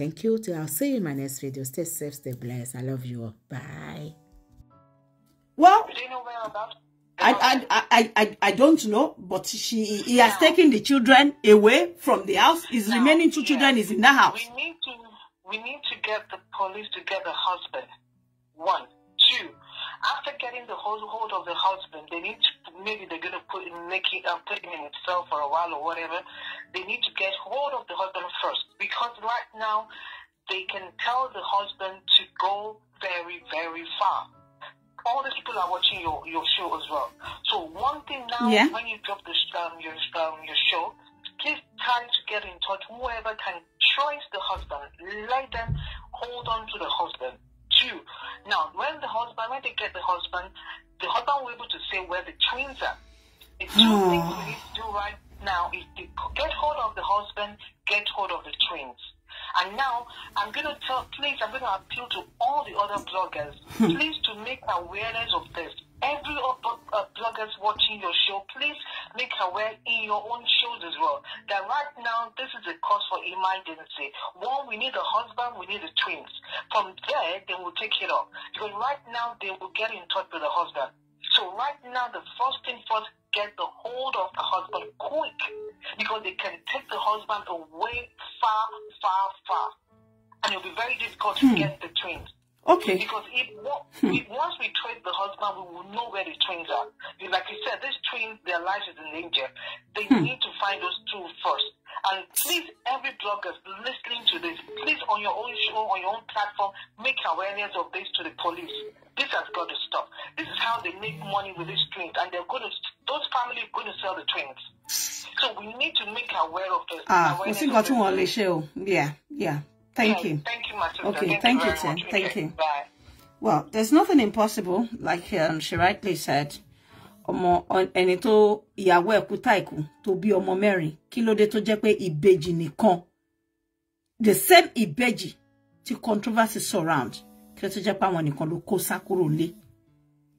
Thank you. Till I'll see you in my next video. Stay safe, stay blessed. I love you all. Bye. Well, I I, I, I, I don't know, but she he has taken the children away from the house. His remaining two children is in the house. We need to we need to get the police to get the husband. One, two. After getting the hold, hold of the husband, they need to, maybe they're gonna put in make it, uh, put him in itself for a while or whatever. They need to get hold of the husband first because right now, they can tell the husband to go very, very far. All the people are watching your, your show as well. So one thing now, yeah. when you drop this um, your um, your show, please try to get in touch. Whoever can choice the husband, let them hold on to the husband. Two. Now, when the husband, when they get the husband, the husband will be able to say where the twins are. It's two oh. things we need to do right now is to get hold of the husband, get hold of the twins. And now I'm going to tell, please, I'm going to appeal to all the other bloggers, hmm. please to make awareness of this. Every uh, bloggers watching your show, please make aware in your own shows as well that right now this is a cause for emergency. One, we need a husband, we need the twins. From there, they will take it up because right now they will get in touch with the husband. So right now, the first thing first, get the hold of the husband quick because they can take the husband away far, far, far. And it'll be very difficult hmm. to get the twins. Okay. Because if, hmm. if, once we trace the husband, we will know where the twins are. like you said, these twins, their lives is in danger. They hmm. need to find those two first. And please, every blogger listening to this, please on your own show, on your own platform, make awareness of this to the police. This has got to stop. This is how they make money with these twins, and they're going to those families are going to sell the twins. So we need to make aware of ah, this. Ah, awareness. Of this. Yeah, yeah. Thank you. Thank you, Matuta. Okay, thank, thank you, Tim. Thank you. Bye. Well, there's nothing impossible, like um, she rightly said. ọmọ ẹni tó ìyàwó ẹ̀kú táìkù tó bí ọmọ mẹ́rin kí ló dé tó jẹ́ pé ìbejì the same ibeji, tí controversy surround kí ló tó jẹ́ pé àwọn nìkan ló kó sá kúrò lé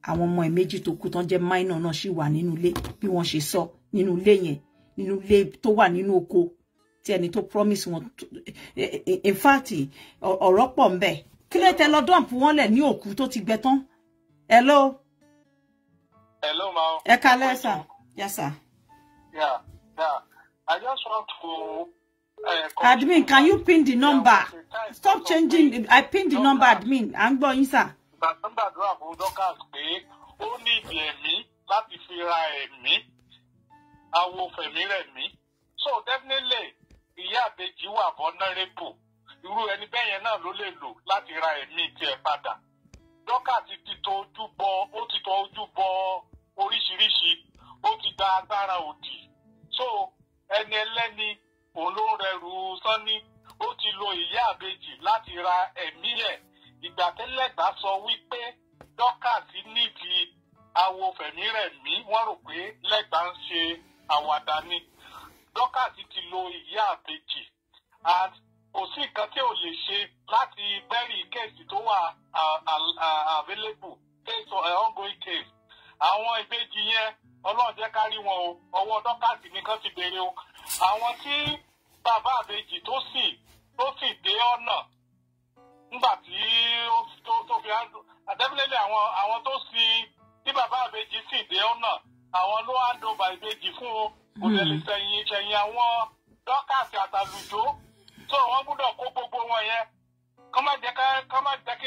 àwọn ọmọ ẹ̀ méjì tó kú tán minor náà ṣì wà nínú ilé bí wọ́n ṣe sọ nínú ilé yẹn nínú ilé tó wà nínú oko tí ẹni tó promise wọn eh, eh, eh, in fact ọ̀rọ̀ pọ̀ ń bẹ kí ló tẹ lọ dump wọn lẹ̀ ní òkú tó ti gbẹ tán hello. hello ma. ẹ kalẹ́ sà yes sir. yeah yeah i just want to. Uh, admin can you pin the number stop changing i pin the number admin à ń gbọ́ yín sà. ìgbà tó dọ́kàs pé ó ní ìdí ẹ̀mí láti fi ra ẹ̀mí awofẹ̀mí rẹ̀ mí so definitely méjì wà vulnerable irú ẹni bẹ́ẹ̀ yẹn náà ló lè lò láti ra ẹ̀mí tiẹ̀ padà dọ́kà ti ti tọ ojú bọ ó ti tọ ojú bọ oríṣiríṣi ó ti gba agbára òdì so ẹni ẹlẹ́ni òun ló ń rẹrù sanni ó ti lo ìyá àbejì láti ra ẹ̀mí ẹ̀ ìgbà tẹ́lẹ̀gbà sọ wípé dọ́kà sí nídìí awo fẹ̀mí rẹ̀ mí wọ́n rò pé lẹ́gbàá ń ṣe àwàdà ni. Dorcas ti lo ìyá àbèjì and kò sí nǹkan tí ò lè ṣe láti bẹ́rì kéèsì tó wà available case eh, ongoing case àwọn ìbejì yẹn ọlọ́run jẹ́ ká rí wọn o ọwọ́ Dorcas nìkan ti béèrè o àwọn tí bàbá àbèjì tó sì tó sì dé ọ̀nà nígbà tí ó tó fi àdẹ́bílẹ́lẹ́ àwọn àwọn tó sì tí bàbá àbèjì sì dé ọ̀nà àwọn ló handle ìbejì fún o kò lè fi àwọn dọ́kàsì àtàlùjọ tó wọ́n gbúdọ̀ kó gbogbo wọn yẹn kọ́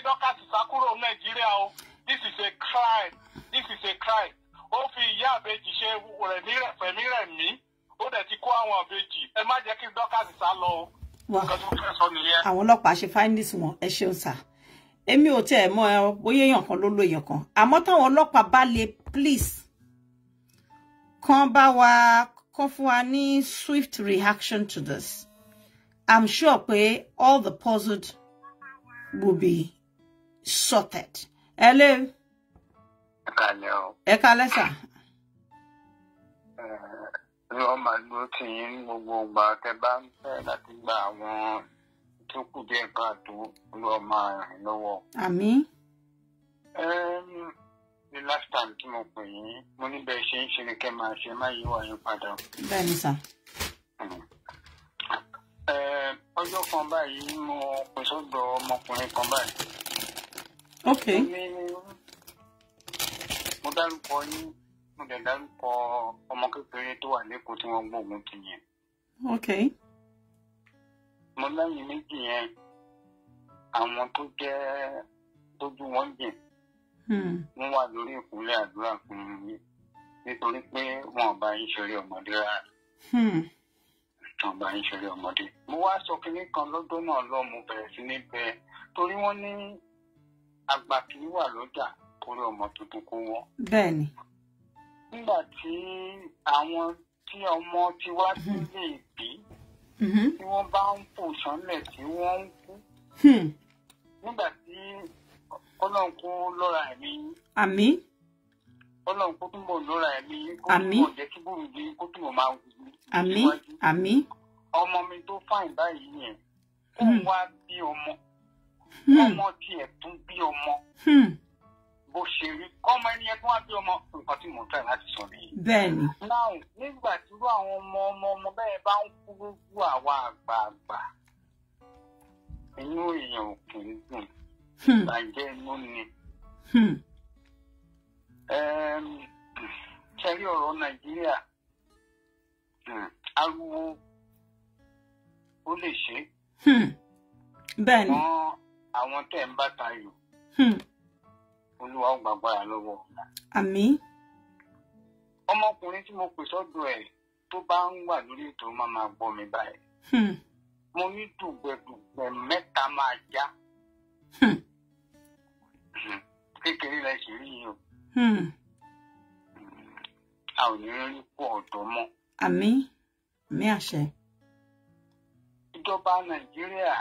dọ́kàsì sá nàìjíríà o this is a crime this is a crime ó fi ìyá àbejì ṣe rẹ̀mí rẹ̀fẹ̀mí rẹ̀mí ó dẹ̀ ti kó àwọn àbejì ẹ má jẹ́ kí dọ́kàsì sá lọ o àwọn ọlọ́pàá ṣe findings wọn ẹ ṣeun sá èmi ò tẹ ẹ mọ ẹ bóyá èèyàn kan ló lo èèyàn kan àmọ́ táwọn ọlọ́pàá bá lè please kàn bá wa kan swift reaction to this i'm sure pe, all the puzzled will be sorted. hello. ẹ kálẹ́ o. ẹ kálẹ́ sà. lọ́ọ́ máa dúró tì í ní gba àwọn tó kù díẹ̀ káàtó lọ́ọ́ máa ràn lọ́wọ́. àmín ní last time tí mo pè yín mo ní bẹ́ẹ̀ ṣe ń ṣe ni kẹ́ máa ṣe má yí wà yín padà. bẹ́ẹ̀ni sà. Hmm. ọjọ́ kan báyìí mo pè sọ́dọ̀ ọmọkùnrin kan báyìí. ok. mo dárúkọ yín mo dẹ̀ dárúkọ ọmọ kékeré tó wà lẹ́kọ̀ọ́ tí wọ́n gbógun ti yẹn. ok. mo lẹ́yìn méjì yẹn àwọn tó jẹ́ tójú wọn jìn Hmm. wọ́n wà lórí ìkúnlẹ̀ àdúrà fún mi nítorí pé wọn bá yín ṣeré ọmọdé rárá ìtàngbà hmm. ìṣẹ̀lẹ̀ ọmọdé. mo wá sọ kinní kan lọ́dún náà lọ mo bẹ̀rẹ̀ sí ní bẹ torí wọ́n ní àgbà kì í wà lọ́jà torí ọmọ tuntun kó wọ́n. bẹ́ẹ̀ni. nígbà tí àwọn tí ọmọ ti wá sílé hmm. ìbí tí wọ́n bá ń fò sánlẹ̀ tí wọ́n ń kú. nígbà tí ọlọ́run kó lọ́ra ẹ̀mí. àmì. ọlọ́run kó túnbọ̀ lọ́ra ẹ̀mí. àmì. kó túnbọ̀ jẹ́ kí bùrùdí kó túnbọ̀ máa wù. àmì àmì. ọmọ mi tó fàìn báyìí yẹn kó hmm. wá bí ọmọ hmm. ọmọ tiẹ̀ tún bí ọmọ hmm. bó ṣe rí kọ́mọ ẹni tó wá bí ọmọ nǹkan tí mò ń tẹ̀ láti sọ nìyí. bẹ́ẹ̀ni. náà nígbà tí irú àwọn ọmọ ọmọ ọmọ bẹ́ẹ̀ bá ń kú gbogbo àwa àgbààgbà inú èèyàn ò kì í dùn bàjẹ́ inú ni. sẹ́rí ọ̀rọ̀ nàìjíríà ariwo ó lè ṣe. Hmm. bẹ́ẹ̀ ni. wọ́n àwọn tẹ̀ ń bá tayò. Hmm. olúwa ó gbàgbára lọ́wọ́. àmín. ọmọkùnrin tí mo pè sọ́dọ̀ ẹ̀ tó bá ń wà lórí ètò máa máa gbọ́ mi báyìí. Hmm. mo ní dùgbẹ̀dùgbẹ̀ mẹ́ta máa já kékeré la ṣe rí yìí o. Hmm. a ò ní rí pọ̀ ọ̀dọ́ mọ́. àmín àmín àṣẹ. ìjọba nàìjíríà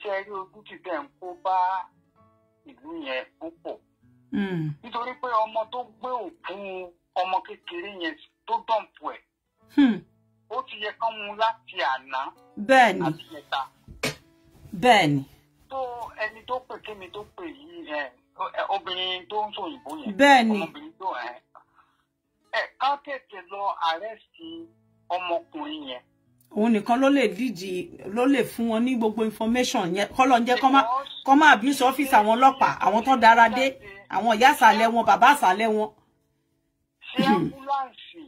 ṣe rí ojú ti tẹ̀ ń kó bá ìlú yẹn púpọ̀. Hmm. nítorí pé ọmọ tó gbé òkú ọmọ kékeré yẹn tó dọ̀m̀pù ẹ̀ hmm. ó ti yẹ kán mu láti àná. bẹ́ẹ̀ni àti ẹ̀ta. bẹ́ẹ̀ni pè kémi tó pè yìí obìnrin tó ń sòyìnbó yẹn bẹ́ẹ̀ni ọmọbìnrin tó ẹ ẹ ká tètè lọ àrẹ́sì ọmọkùnrin yẹn. òun nìkan ló lè díje ló lè fún wọn ní gbogbo information yẹn kọ́lọ́ ń jẹ́ kọ́ máa abuse office àwọn ọlọ́pàá àwọn tó dára dé àwọn ìyá àsàlẹ̀ wọn bàbá àsàlẹ̀ wọn. ṣé hmm. ambulance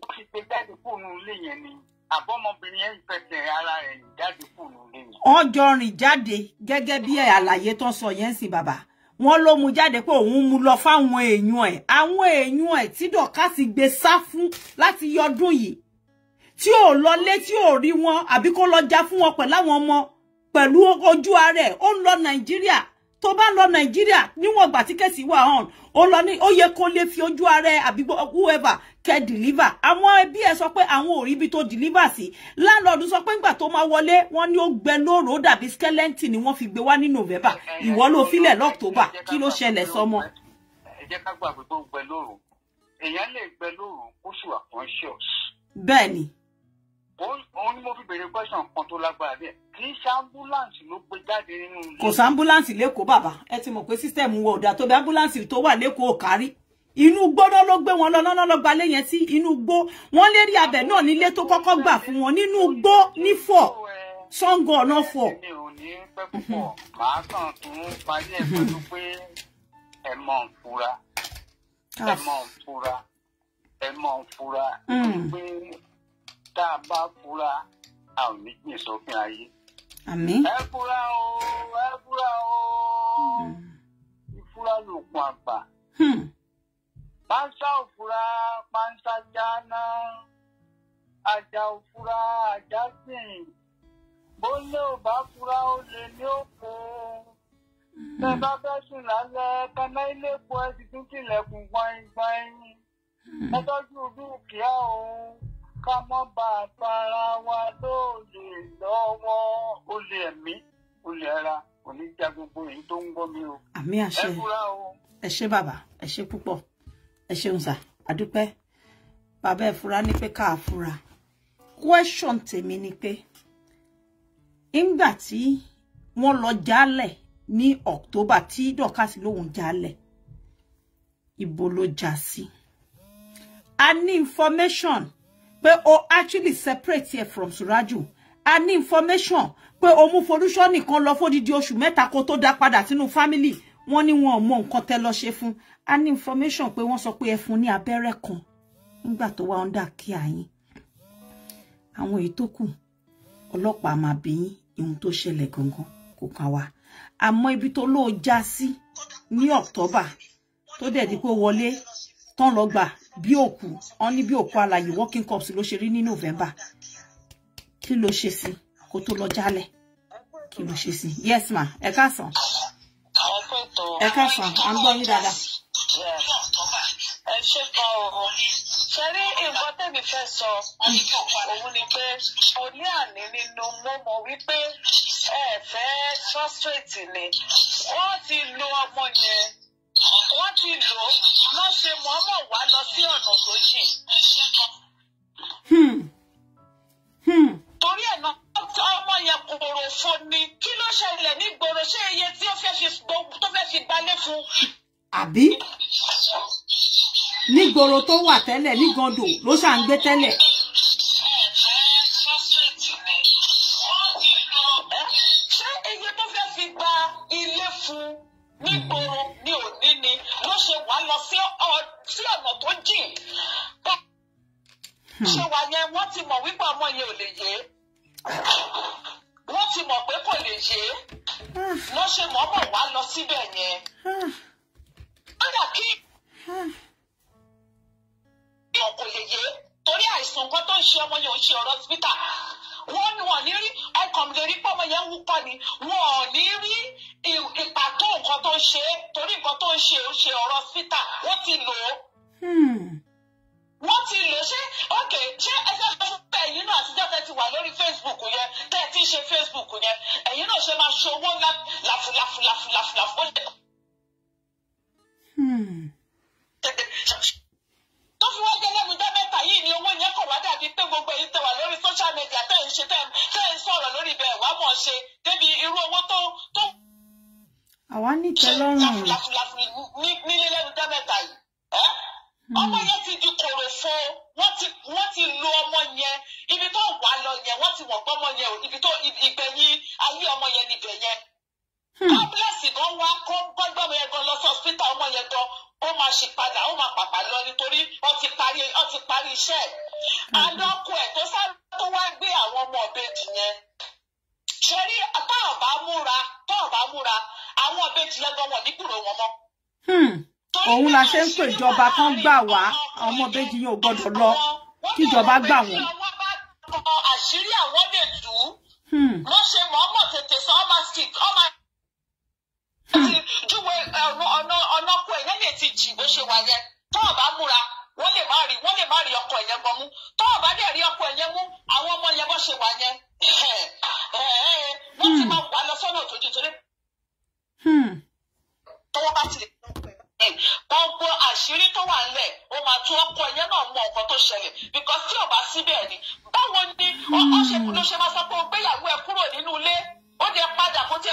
bó ti gbé jáde kúrò ilé yẹn ni àbọ̀mọbìnrin yẹn fẹsẹ̀ ara rẹ̀ jáde kúrò lẹ́yìn. wọ́n jọ rìn jáde gẹ́gẹ́ bí àlàyé tó sọ yẹn sì bàbá wọ́n ló mú jáde pé òun mú lọ fáwọn èèyàn ẹ̀ àwọn èèyàn ẹ̀ tí dọ̀kásì gbé sá fún láti yọdún yìí tí ò lọlé tí ò rí wọn àbí kó lọ jà fún wọn pẹ̀láwọn ọmọ pẹ̀lú ojú ara ẹ̀ ó ń lọ nàìjíríà tó bá lọ nàìjíríà níwọ̀n ìgbà tí kẹ̀sì wà hàn ó lọ ní ó yẹ kó lè fi ojú ara àbí whoever kẹ deliver àwọn ẹbí ẹ sọ pé àwọn ò rí ibi tó deliver sí láńlọ́ọ̀dù sọ pé ńgbà tó máa wọlé wọ́n ní ó gbẹ lóòrò dàbí skeleton ni wọ́n fi gbé wá ní november ìwọ ló filẹ̀ lọ́któbà kí ló ṣẹlẹ̀ sọmọ. ẹ jẹ́ ká gbàgbé pé ó gbẹ lóòrò èèyàn lè gbẹ lóòrò kó sì wà conscious òun ni mo fi béèrè question kan tó lágbára díẹ̀ kì í ṣe ambulance ló gbé jáde nínú ilé. kò sí ambulance lẹ́kọ̀ọ́ bàbá ẹ ti mọ̀ pé sísítẹ́ẹ̀mù wọ ọ̀dà tó bí ambulance tó wà lẹ́kọ̀ọ́ ò kárí inú gbóná ló gbé wọn lọ́nà ló gbalé yẹn sí inú gbó wọn lérí abẹ náà nílé tó kọ́kọ́ gbà fún wọn nínú gbó ní fọ Ṣàngó ọ̀nà fọ. mi ò ní pẹ́ púpọ̀ màá kàn tún parí ẹ̀ pẹ̀lú pé ẹ̀mọ̀ ń fura ẹ̀mọ̀ ń fura ẹ̀mọ̀ ń fura hmm tá a bá fura a ò ní jìn sófin ayé. àmín. ẹ fura o ẹ fura o hmm. ìfura lòògùn àgbà. Hmm. pánsá òfura pánsá jáná ajá òfura ajá sìn bólé ò bá fura ó lè ní òkú hmm. tẹ bá fẹ́ sùn lálẹ́ kaná ilé epo ẹ ti tún tilẹ̀kùn gbọ̀ngbọ̀n ẹ tọ́jú dúkìá òun ká mọ́ bá a fara wa lóòlè lọ́wọ́ olè ẹ̀mí olè ara kò ní gbogbo èyí tó ń gbọ́ mi o. àmì àṣẹ ẹ ṣé bàbá ẹ ṣé púpọ̀ ẹ ṣeun sà àdúpẹ́ bàbá ẹ fura ní pé káà fura question tèmi ni pé nígbà tí wọ́n lọ jálẹ̀ ní October tí dọ̀kásí lòun jálẹ̀ ibo ló já sí. a ní information pé o actually separate here from Suraju a information pé o mú Folúṣọ́ nìkan lọ fódìdí oṣù mẹ́ta kó tó dá padà sínú family wọ́n ní wọn ò mọ nǹkan tẹ́ lọ ṣe fún a information pé wọ́n sọ pé ẹ fún ní abẹ́rẹ́ kan nígbà tó wá under care yín àwọn èyí tó kù ọlọ́pàá bi ihun tó ṣẹlẹ̀ gangan kò kàn wá àmọ́ ibi tó lóò já sí ní October tó dẹ̀ di pé wọlé tán lọ gbà bí òkú wọn ní bí òkú alàyè working cups ló ṣe rí ní November kí ló ṣe sí kó tó lọ jálẹ̀ kí ló ṣe sí yes ma ẹ káàsán ẹ káàsán à ń gbọ́ yín dáadáa. ẹ ṣe kan o ṣe rí nǹkan tẹ́mi fẹ́ sọ òun ni pé mo ní àní nínú mo mọ̀ wípé ẹ fẹ́ frustrate ni wọ́n ti lo ọmọ yẹn wọ́n ti lò ó lọ́ ṣe mọ́mọ́ wá lọ sí ọ̀nà ògójì. Hmm. Hmm. torí ẹ̀ náà ọmọ yẹn kòròfo ni kí ló ṣẹlẹ̀ nígboro ṣé iye tí ó fẹ́ fi tó fẹ́ fi gbalé fún. àbí nígboro tó wà tẹ́lẹ̀ nígàndò ló ṣà tẹ́lẹ̀. nígboro ní òní ni ló ṣe wá lọ sí ọ̀nà tó jìn ṣé wà yẹn wọ́n ti mọ̀ wípé ọmọ yẹn ò lè yé wọ́n ti mọ̀ pé kò lè yé ló ṣe mọ̀ọ́mọ̀ wá lọ síbẹ̀ yẹn kódà kí ọkọ̀ lè yé torí àìsàn kan tó ń ṣe ọmọ yẹn ò ṣe ọ̀rọ̀ síbítà wọ́n ní wọ́n ní rí ẹ̀kàn lè rí pọ́mọ yẹn wúkọ́ ni wọ́n ò ní rí ipa tó nǹkan tó ń ṣe é torí nǹkan tó ń ṣe ó ṣe ọ̀rọ̀ síta wọ́n ti lò ó. Hmm. wọ́n ti lò ṣé ok ṣé ẹsẹ̀ fẹ́ ẹ̀yin náà àtijọ́ tẹ́ ti wà lórí Facebook yẹn tẹ́ ẹ ti ṣe Facebook yẹn ẹ̀yin náà ṣe máa ṣòwò láfúláfúláfúláfúláfú hmm. tó fi wá jẹ́ kàn wá dàbí pé gbogbo èyí tẹ wà lórí social media tẹ́ ń ṣe tẹ́ ń sọ̀rọ̀ lórí ibẹ̀ wá mọ̀ ṣe débi irú owó tó tó. àwa ní ìtẹ́lọ́rùn rẹ̀. nílé lẹ́nu dá yìí hmm. ọmọ yẹn ti di kòròfo wọ́n ti wọ́n ti lo ọmọ yẹn ibi tó wà lọ yẹn wọ́n ti wọ́n gbọ́ ọmọ yẹn ibi tó ìgbẹ̀yìn ayé ọmọ yẹn níbẹ̀ yẹn. kábílẹ̀sì hmm. gan wá kó gbọ́gbọ́ yẹn gan lọ sí adọ́kọ ẹ̀ tó sáré tó wá gbé àwọn ọmọ ìbejì yẹn ṣe rí tọ́ọ̀ bá múra tọ́ọ̀ bá múra àwọn ìbejì lọ́gbọ́n wọn nígboro wọn mọ́. Hmm. òun la ṣe ń pè ìjọba kan gbà wá àwọn ọmọ ìbejì yóò gbọ́dọ̀ lọ kíjọba gbà wọ́n. àṣírí àwọn lè tú wọ́n hmm. ṣe mọ̀ọ́mọ̀ tètè sọ ọmọ stick ọmọ hmm. júwe ọ̀nà ọ̀nà ọkọ ẹ̀ yẹn lè ti jì bó ṣe wà yẹn tọ́ọ̀ bá múra wọ́n lè má rí wọ́n lè má rí ọkọ yẹn gan mú tó o bá dẹ̀ rí ọkọ yẹn mú àwọn ọmọ yẹn bọ́ ṣe wà yẹn wọ́n ti hmm. máa wà lọ sọ́nà òtòjú torí hmm. tọwọ́ bá ti lè gbogbo àṣírí tó wà nílẹ̀ ó máa tún ọkọ yẹn náà mọ ọkọ tó ṣẹlẹ̀ because tí o bá síbẹ̀ ni báwo ni ọkọ ṣe ló ṣe máa sọ pé ó jẹ padà kó tẹ.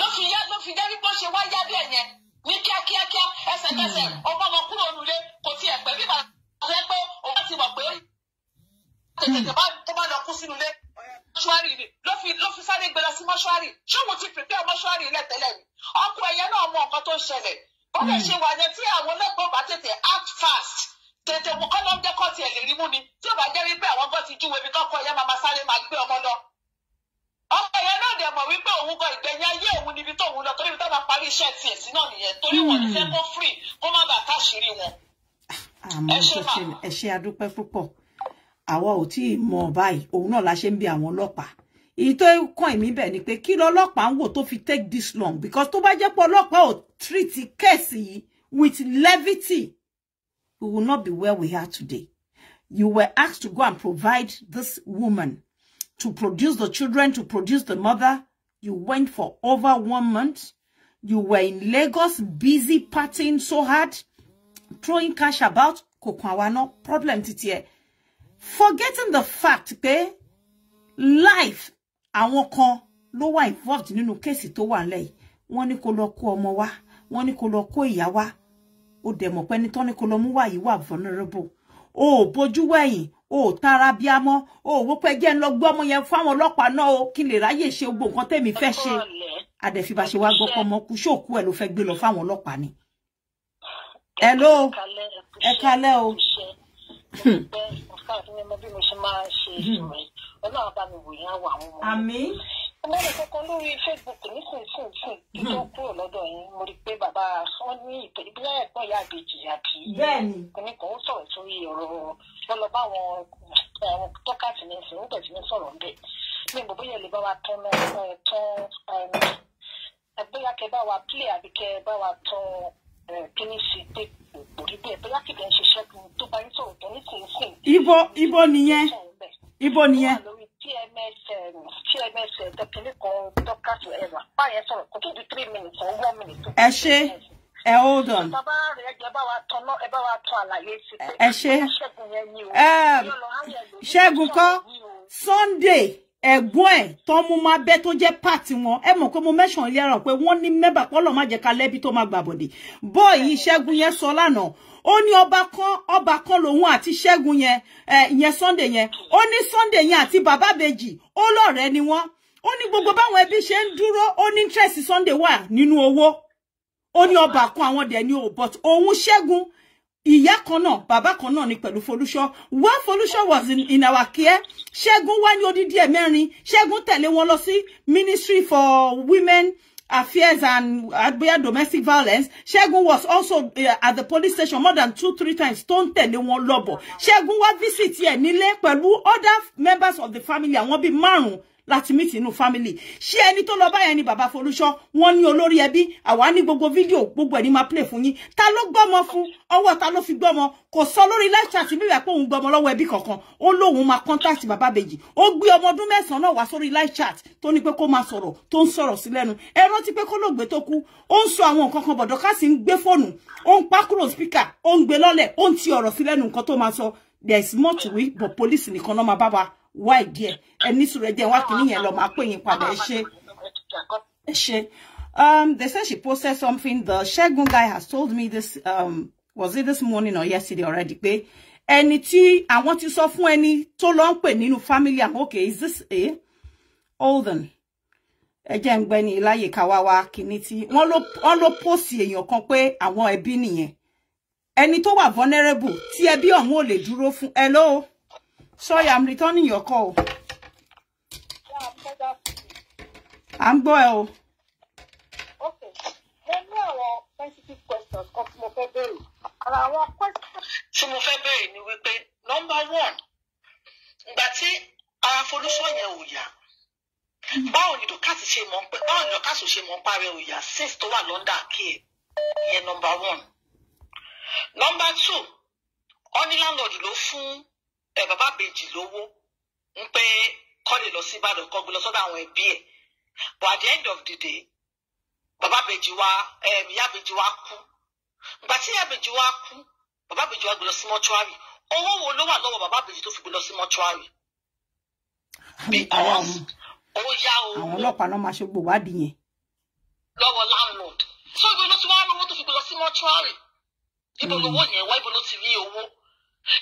ló fi yá ló fi dé bí bó ṣe wá yá bẹ́ẹ̀ yẹn ní kíákíákíá ẹsẹ̀kẹsẹ̀ ọmọ hmm. ọmọ kúrò nílé kò tiẹ̀ pẹ́ bí bàbá rẹ pé òun ti mọ̀ pé tètè hmm. tó bá lọ kú sínú ilé mọ́ṣúárì ni ló fi ló fi sáré gbé lọ sí mọ́ṣúárì ṣóun ti pèpè mọ́ṣúárì ilẹ̀ tẹ́lẹ̀ ni ọkọ ẹ̀yẹ náà mọ nǹkan tó ń ṣẹlẹ̀ ó lè hmm. ṣe wà yẹn tí àwọn ọlọ́gbọ́n bá tètè act fast tètè kọ́ ló ń jẹ́ kọ́ tiẹ̀ lè rí mú ni tí ò bá jẹ́ wípé àwọn gan ti júwe bí kọ́kọ́ ẹ̀yẹ máa sáré máa gbé ọmọ lọ dẹ̀ mọ̀ wípé òun gan ìgbẹ̀yìn ayé òun níbi tó òun lọ torí ibi tó bá parí iṣẹ́ tiẹ̀ sí náà nìyẹn torí wọn ní fẹ́ hmm. kó free kó má bàa káṣírí wọn. àmọ́ ẹ ṣe adúpẹ́ púpọ̀ àwa ò tí ì mọ̀ báyìí òun náà la ṣe ń bi àwọn ọlọ́pàá èyí tó kàn mí bẹ̀ ni pé kí lọ́lọ́pàá ń wò tó fi take this long because tó bá jẹ́ pé ọlọ́pàá ò treat kẹ́ẹ̀sì yìí with levity we will not be where we are today you were asked to go and provide this woman to produce the children, to produce the mother. You went for over one month. You were in Lagos, busy partying so hard, throwing cash about. Kokwawano, problem titi e. Forgetting the fact that life àwọn kan ló wà involved nínú kéèsì tó wà nílẹ̀ yìí. Wọ́n ní kó lọ kó ọmọ wá. Wọ́n ní kó lọ kó ìyá wá. Ó dẹ̀ mọ̀ pé ẹni tán ní kó lọ mú wá yìí wà vulnerable. O boju bójú wẹ̀yìn o tara bí amọ́ o wò pé jẹ́ ń lọ gbọ́ ọmọ yẹn fáwọn ọlọ́pàá náà o kí n lè ráyè ṣe gbogbo nǹkan tèmi fẹ́ ṣe àdẹ̀fíbà ṣe wá gbọ́ pọ́mọ kú ṣòkú ẹ̀ ló fẹ́ gbé lọ fáwọn ọlọ́pàá ni. ẹ ló ẹ o. Hmm. àmín mẹ́rin kankan lórí Facebook nísinsìnyí kí tó kúrò lọ́dọ̀ yín mo rí pé bàbá wọn ní ìbílẹ̀ ẹ̀gbọ́n ìyá àbèjì àbí oníkan ó sọ̀rọ̀ sórí ọ̀rọ̀ wọn àwọn tọ́kàtì ní ìsìn ó bẹ̀rẹ̀ sọ̀rọ̀ ń bẹ̀ ní gbogbo yẹn lè bá wa tán tán bóyá kẹ bá wa play àbí kẹ bá wa tán kíní sí pé òrí bẹ́ẹ̀ bóyá kìdẹ̀ ń ṣiṣẹ́ tó bá ń sọ̀rọ̀ tó nísinsìnyí ibo nìyẹn. ẹ ṣe um, ẹ hold on. ẹ ṣe ṣẹ́gun kọ́ Sunday ẹ̀gbọ́n ẹ̀ tó mú máa bẹ́ tó jẹ́ pàtì wọn ẹ mọ̀ pé mo mẹ́sàn-án ilé ẹ̀rọ pé wọ́n ní mẹ́bà pọ́lọ̀ má jẹ́ ká lẹ́bi tó máa gbàbọ̀dè bọ́ọ̀ yìí ṣẹ́gun yẹn sọ lánàá ó ní ọba kan ọba kan lòun àti Ṣẹ́gun yẹn ìyẹn Sunday yẹn ó ní Sunday yẹn àti bàbá bèjì ó lọ́rẹ̀ẹ́ ni wọ́n ó ní gbogbo báwọn ẹbí ṣe ń dúró ó ní interest Sunday wà nínú owó ó ní ọba kan àwọn dẹ̀ ni o but òun Ṣẹ́gun ìyá kan náà bàbá kan náà ni pẹ̀lú Folúṣọ́ wá Folúṣọ́ was in, in our care Ṣẹ́gun wá ní odidi ẹ̀ mẹ́rin Ṣẹ́gun tẹ̀lé wọn lọ sí ministry for women affairs and Agbaya uh, domestic violence. Ṣẹ́gun was also uh, at the police station more than two, three times. Tó ń tẹ̀lé wọn lọ́bọ̀. Ṣẹ́gun wá visit ẹ̀ nílé pẹ̀lú other members of the family àwọn bíi márùn-ún láti meet inú family ṣé ẹni tó lọ báyẹn ni bàbá Folúṣọ wọ́n ní olórí ẹbí àwa ní gbogbo fídíò gbogbo ẹ̀ ní máa play fún yín ta ló gbọ́mọ fún ọwọ́ ta ló fi gbọ́mọ kò sọ lórí live chat bíbẹ̀ pé òun gbọ́mọ lọ́wọ́ ẹbí kankan ó lóun máa contact bàbá bèjì ó gbé ọmọ ọdún mẹ́sàn-án náà wá sórí live chat tó ní pé kó máa sọ̀rọ̀ tó ń sọ̀rọ̀ sí lẹ́nu ẹ rántí pé kó lóògbé tó kú ó ń sọ àwọn nǹkan kan bọ̀dọ̀ ká sì ń gbé fóònù ó ń pa kúrò speaker ó ń gbé lọ́lẹ̀ ó ń ti ọ̀rọ̀ sí lẹ́nu nǹkan tó máa sọ there is more to it but police nìkan náà máa bá wa wá ìdí ẹ̀ ẹ ní sùúrù ẹ jẹ́ wá kìíní yẹn lọ máa pè yín Um, they said she posted something. The Ṣẹ́gun guy has told me this, um, was it this morning or yesterday already? Pé ẹni tí àwọn ti sọ fún ẹni tó lọ ń pè nínú family am. Okay, is this a olden? on? Ẹ jẹ́ ń gbẹ́ ní láyè káwá wá kìíní tí wọ́n ló wọ́n ló pòsì èèyàn kan pé àwọn ẹbí nìyẹn. Ẹni tó wà vulnerable tí ẹbí ọ̀hún ò lè dúró fún. Hello? Sorry, I'm returning your call. I'm going. Oh. Okay. Then now, sensitive questions of mo fẹ́ béèrè. Ara àwọn questions tí mo fẹ́ number one, ìgbà tí ara Folúṣọ́ yẹn ò yá. Báwo ni Dọ́kàsì ṣe mọ̀ pé báwo ni Dọ́kàsì ṣe mọ̀ pa rẹ̀ ò yá since London care yẹn number one. Number two, ọ́ní landlord ló fún ẹ bàbá bèjì lówó ń pé kọ́lé lọ sí ìbàdàn kọ́ gbé lọ sọ́dọ̀ àwọn ẹbí ẹ̀ but at the end of the day bàbá bèjì wa ìyá bèjì wa kú ìgbà tí ìyá bèjì wa kú bàbá bèjì wa gbé lọ sí mọ́túárì owó wo ló wà lọ́wọ́ bàbá bèjì tó fi gbé lọ sí mọ́túárì. àwọn ọlọ́pàá náà máa ṣe gbò wádìí yẹn. lọ́wọ́ landlord so ibo ló ti wá lówó tó fi gbé lọ sí mọ́túárì ibo lówó yẹn wá ibo ló ti rí owó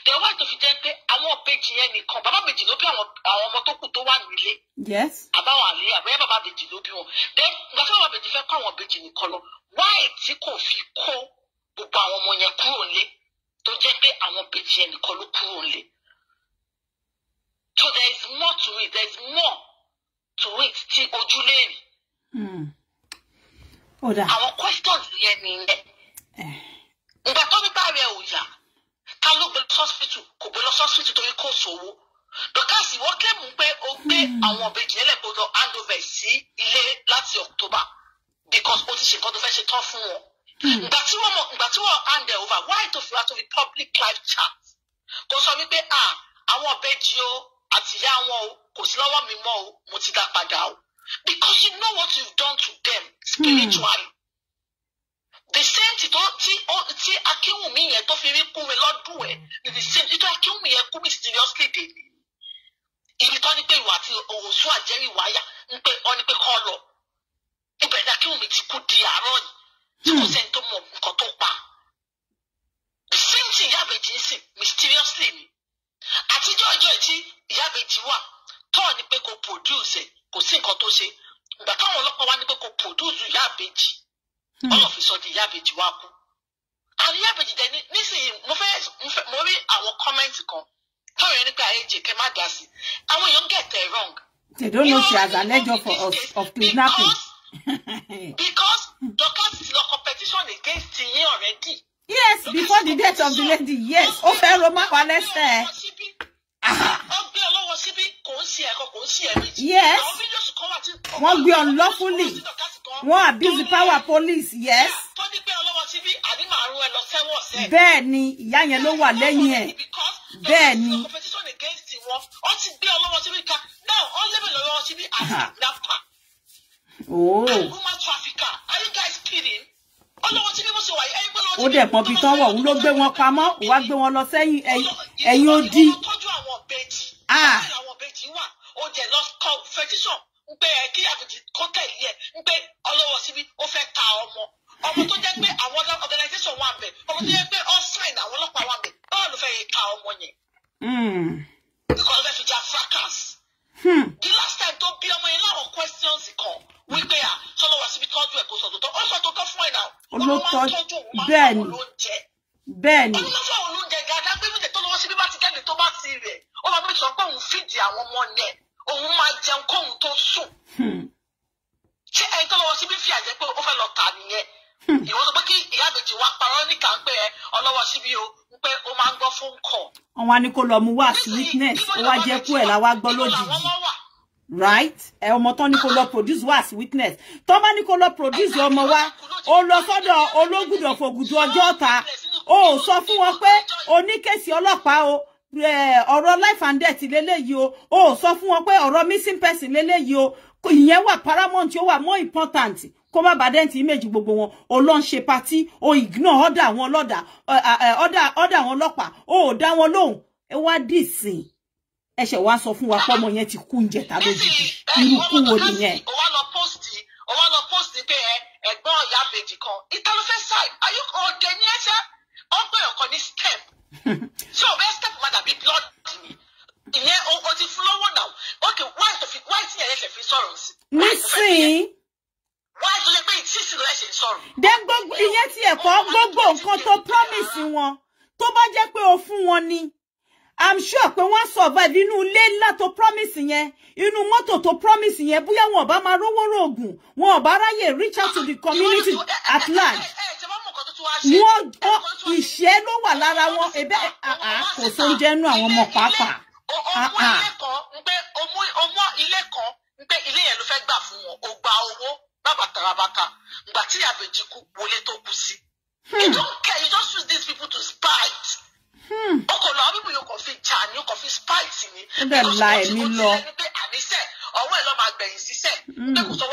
then wá tó fi jẹ́ pé àwọn ìbejì yẹn nìkan bàbá méjì ló bí àwọn ọmọ tó kù tó wà nílé. yes. àbáwọn àlè àbẹ́yẹ bàbá méjì ló bí wọn then gbàtí bàbá méjì fẹ́ kó àwọn ìbejì nìkan lọ wáì tí kò fi kó gbogbo àwọn ọmọ yẹn kúrò nílé tó jẹ́ pé àwọn ìbejì yẹn nìkan ló kúrò nílé. so there is more to it there is more to it tí ojú lè rí. Hmm. àwọn questions yẹn nìyẹn. Eh. ìgbà tó ní bá rẹ̀ ò yá ló gbé lọ kò gbé lọ torí kò sówó dọ́kàsì wọ́n kẹ́mù pé ó gbé hmm. àwọn ìbejì ẹlẹ́kọ̀ọ́ lọ hand sí ilé láti October because ó ti ṣe nǹkan tó ṣe tán fún wọn. Hmm. ìgbà tí wọ́n ìgbà tí wọ́n hand over why to fi wá to public live chat kò sọ wípé àwọn ìbejì o àtìyá wọn o kò sí lọ́wọ́ mi mọ́ o mo ti dá padà o because you know what you've done to them hmm. spiritually. Mm the same tí tí akínwùmí yẹn tó fi rí kú mi lọ́dún ẹ̀ the same tí tó akínwùmí yẹn kú mi seriously dè ní ibi tó ní pé ìwà àti òwòsù àjẹrí wáyà ń pé ọ ní pé kọ́ lọ ibẹ̀ ní akínwùmí ti kú di àárọ̀ yìí tí kò sẹ́ni tó mọ nǹkan tó pa the same thing ìyá àbèjì ń sìn mysteriously ni àtijọ́ ìjọ ìtí ìyá àbèjì wà tọ́ọ̀ ni pé kò produce kò sí nǹkan tó ṣe ìgbà táwọn ọlọ́pàá wá ní pé kò produce ìyá àbèjì Hmm. all of a sudden ìyá àbèjì wá kú àwọn ìyá àbèjì mo fẹ́ mo rí àwọn kọ́mẹ́ǹtì kan táwọn èèyàn nípa àyèjì kẹ má dá sí àwọn èèyàn get it wrong. they don't know she has an edge for of of kidnapping. because because dorcas is your competition against yin already. yes before the death of the lady yes ó fẹ́ roma palẹ́sẹ̀. wọ́n eh. gbé ọlọ́wọ́ síbí kò ń ṣe ẹ̀kọ́ kò ń ṣe ẹ̀mí. yes wọ́n gbé unlawfully wọ́n abuse the power police yes. tó ní pé ọlọ́wọ́ síbí àbí màá ni ìyá yẹn ló wà lẹ́yìn ẹ̀ bẹ́ẹ̀ ni. ó Oh. dẹ̀ pọ̀n bí tán wọ̀ òun ló gbé wọn pamọ́ wá gbé wọn lọ sẹ́yìn ẹ̀yìn ah. ó dẹ̀ lọ kọ́ ń ẹ kí àkùtì kó tẹ̀lé ẹ ń ọlọ́wọ́ síbi ó fẹ́ ta ọmọ ọmọ tó jẹ́ pé àwọn organisation wà bẹ̀ ọmọ tó jẹ́ pé all sign àwọn ọlọ́pàá wà bẹ̀ báwo fẹ́ ta ọmọ yẹn. Hmm. because ọlọ́fẹ́ fi fracas. Hmm. the last time tó bí ọmọ yẹn láwọn questions kan wípé à ah, sọlọ́wọ́ síbi tọ́jú ẹ̀ kó sọ tòótọ́ ó sọ tòótọ́ fún ẹ̀ náà olóòótọ́ bẹ́ẹ̀ ni bẹ́ẹ̀ ni. olùfẹ́ olóúnjẹ gàdá òun máa jẹun kóun tó sùn hmm. ṣé ẹni tó lọ́wọ́ síbí fi àjẹ pé ó fẹ́ lọ tà nìyẹn hmm. ìwọ sọ pé kí ìyá àbèjì wa parọ́ níkà ń ẹ ọlọ́wọ́ síbí o pé ó máa ń gbọ́ fóun kọ̀. wọn wá ní kó lọ mú wá sí witness ó wá jẹ kú ẹ làwa gbọ́ lójijì right ẹ ọmọ tán ní kó lọ produce wá sí witness tó bá ní kó lọ produce ọmọ wa ó lọ sọ́dọ̀ ológùdọ fògùdù ọjọ́ ọ̀tá ó sọ fún wọn pé oníkèsì ọlọ́pàá o Eh, ọ̀rọ̀ life and death lélẹ́yìí o ò sọ fún wọn pé ọ̀rọ̀ missing person lélẹ́yìí o ìyẹn wà paramount ó wà more important kó má bàa dẹ́ntì image gbogbo wọn ò lọ ń ṣe patí o ignore ọ̀dà wọn lọ́dà ọ̀dà eh, eh, wọn lọ́pàá o ò dá wọn lóhùn ẹ wá dìsìn ẹṣẹ̀ wá sọ fún wa pọ́mọ yẹn ti kú ǹjẹ́ ta lójijì irú kú wo nìyẹn. ó wá lọ post ó wá lọ post pé ẹ̀gbọ́n ọ̀yá bèjì kan ìtàlùfẹ́ sáì ayé ọ̀dẹ̀ ní ẹ̀ṣẹ́ ọgbẹ́ ọ̀kan ní step tí ò bẹ́ àbí blood ni ìyẹn o ti fún lọ́wọ́ náà ok why tó fi why tí ẹ̀yẹ́ ṣe fi sọ̀rọ̀ sí. nísìnyí. why tó yẹ pé ìtísí ló ṣe sọ̀rọ̀. dé gbogbo ìyẹn ti ẹ̀kọ́ gbogbo nǹkan tó promise wọn tó bá jẹ́ pé o fún wọn ni i'm sure pé wọ́n survive inú ilé ńlá tó promise yẹn inú mọ́tò tó promise yẹn bóyá wọn ò bá máa rówó rògùn wọn ò bá ráyè reach out to the ah, community eh, eh, at eh, large wọn gbọ́ ìṣẹ́ ló wà lára wọn ebe kò tó ń jẹ́nu àwọn ọmọ pàápàá. ọmọ ọmọ ilé kan pé ilé yẹn ló fẹ́ gbà fún wọn ó gba owó bàbà tarabaka ìgbà tí àbèjì kú wọlé tó kú sí. Hmm. you don't care you just use these people to spite. ọkọ̀ hmm. lọ àwọn bíbélì kò fi jà ní kò fi spite ni. ó la ẹ̀mí lọ. ọwọ́ ẹ̀ lọ́ máa gbẹ̀yìn síṣẹ́. Hmm. pé kò sọ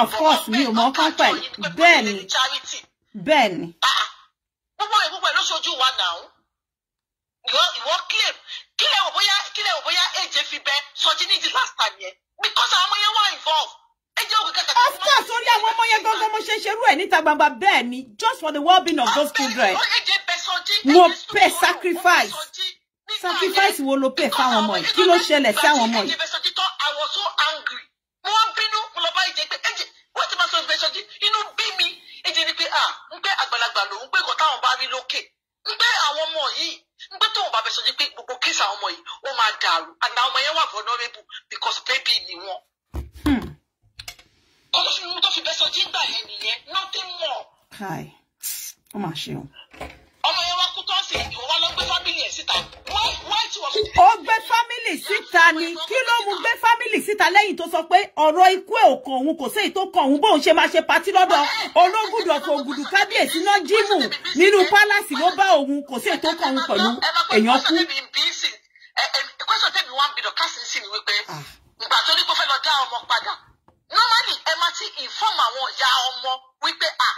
of course mi ò mọ pápá ẹ̀ bẹ́ẹ̀ ni bẹ́ẹ̀ ah, ni. gbogbo ẹ̀ gbogbo ẹ̀ ló ṣojú you náà ìwọ ìwọ claim kílẹ̀ boya bóyá kílẹ̀ wò bóyá èjè fi bẹ sọjí ní disaster yẹn because àwọn ọmọ yẹn wà involved èjè òkè kẹkẹ. of course orí àwọn ọmọ yẹn gangan mo ṣe ṣe irú ẹ̀ níta gbangba Benny just for the well being of those children mo pay sacrifice sacrifice wo ló pay fáwọn ọmọ yìí kí ló ṣẹlẹ̀ sí àwọn ọmọ yìí. àgbà lòun pé kò táwọn bá rí lókè ń pé àwọn ọmọ yìí ń pé tóun bá fẹ́ sọ pé gbogbo kéésì ọmọ yìí ó máa dàrú and ọmọ yẹn wà vulnerable because baby ni wọn. Hmm. olùsùnmù tó fi bẹ́ sọ jí gbà yẹn nìyẹn nothing more. ó mà ṣe ọmọ yẹn wá kú tó ń sè ìwọ wá lọ gbé fámìlì ẹ̀ síta wáì tí wọ́n fi. ó gbé fámìlì síta ni kí ló mú gbé fámìlì síta lẹ́yìn tó sọ pé ọ̀rọ̀ ikú ẹ̀ ò kàn òun kò séyìí tó kàn òun bóun ṣe máa ṣe patí lọ́dọ̀ ológùdù ọ̀tọ̀ ògùdù kábíyèsí náà jíìmù nínú pálásì ló bá òun kò séyìí tó kàn òun pẹ̀lú èèyàn kú. ẹ máa ti inform àwọn ìyá ọmọ wípé ah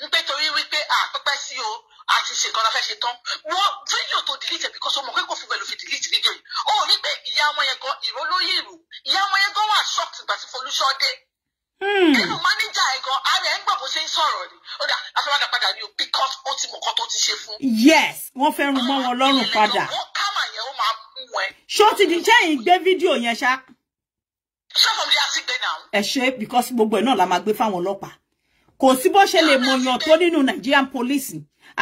wípé torí wípé àpẹpẹ sí o àti ṣèkan la fẹ́ ṣe tán wọ́n fídíò tó delete ẹ̀ because ọmọ pé kò fún pẹ̀lú fi delete fídíò yìí ó ní pé ìyá ọmọ yẹn gan ìró ló yé ìrù ìyá ọmọ yẹn gan wà shocked ìgbà tí folúṣọ́ dé hmm. nínú mánéjà ẹ̀ gan ara ẹ̀ ń gbà bó ṣe ń sọ̀rọ̀ ni ó dà afẹ́wádà padà ni o because ó ti mọ̀ nǹkan tó ti ṣe fún. yes wọ́n fẹ́ rún mọ́ wọn lọ́rùn padà. wọ́n kámà yẹn ó máa mú ẹ. ṣó ti di ṣé yìí gbé fídíò yẹn ṣá. ṣé fọmùdí àti gbé náà. ẹ ṣe because gbogbo ẹ náà la máa gbé fáwọn ọlọ́pàá kò sí bó ṣe lè mọ̀yàn tó nínú Nigerian police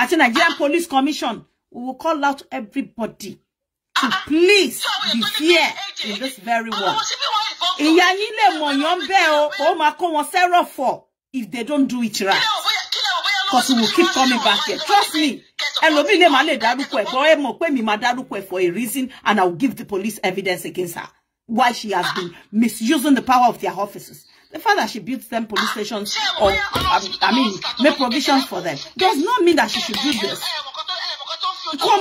Ati Nigerian police commission we will call out everybody to ah, ah. please be fair in this very war. ìyá yín lè mọ̀yàn bẹ́ẹ̀ o ó máa kó wọn sẹ́rọ̀ fọ̀ if they don't do it right because we will keep coming back here trust me ẹlòmíì le má lè dárúkọ ẹ̀ bọ́ ẹ mọ̀ pé mi máa dárúkọ ẹ̀ for a reason and I will give the police evidence against her why she has ah. been misusing the power of their offices. The fact that she built them police ah, stations or, I, mean, make provisions for them does not mean that she should do this. Kò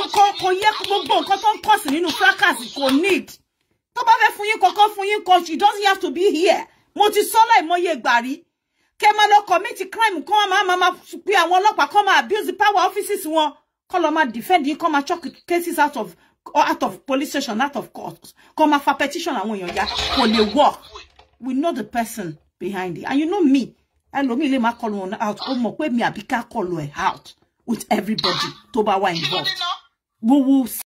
yẹ gbogbo nǹkan tó ń kọ̀ sí nínú fracas kò need. Tó bá fẹ́ fún yín kọ̀ọ̀kan fún yín kan, she doesn't have to be here. Mo ti sọ́lá ìmọye ìgbàrí. Kẹ́ máa lọ commit crime kan máa máa pe àwọn ọlọ́pàá kan máa abuse the power offices wọn. Kọ́ lọ máa defend yín kọ́ máa chuck cases out of or out of police station out of court. Kọ́ máa fa petition àwọn èèyàn ya kò lè work we know the person behind it and you know me me. Let má call one out ó mọ̀ pé mi àbí ká call ẹ out with everybody toba bá wà involved we will.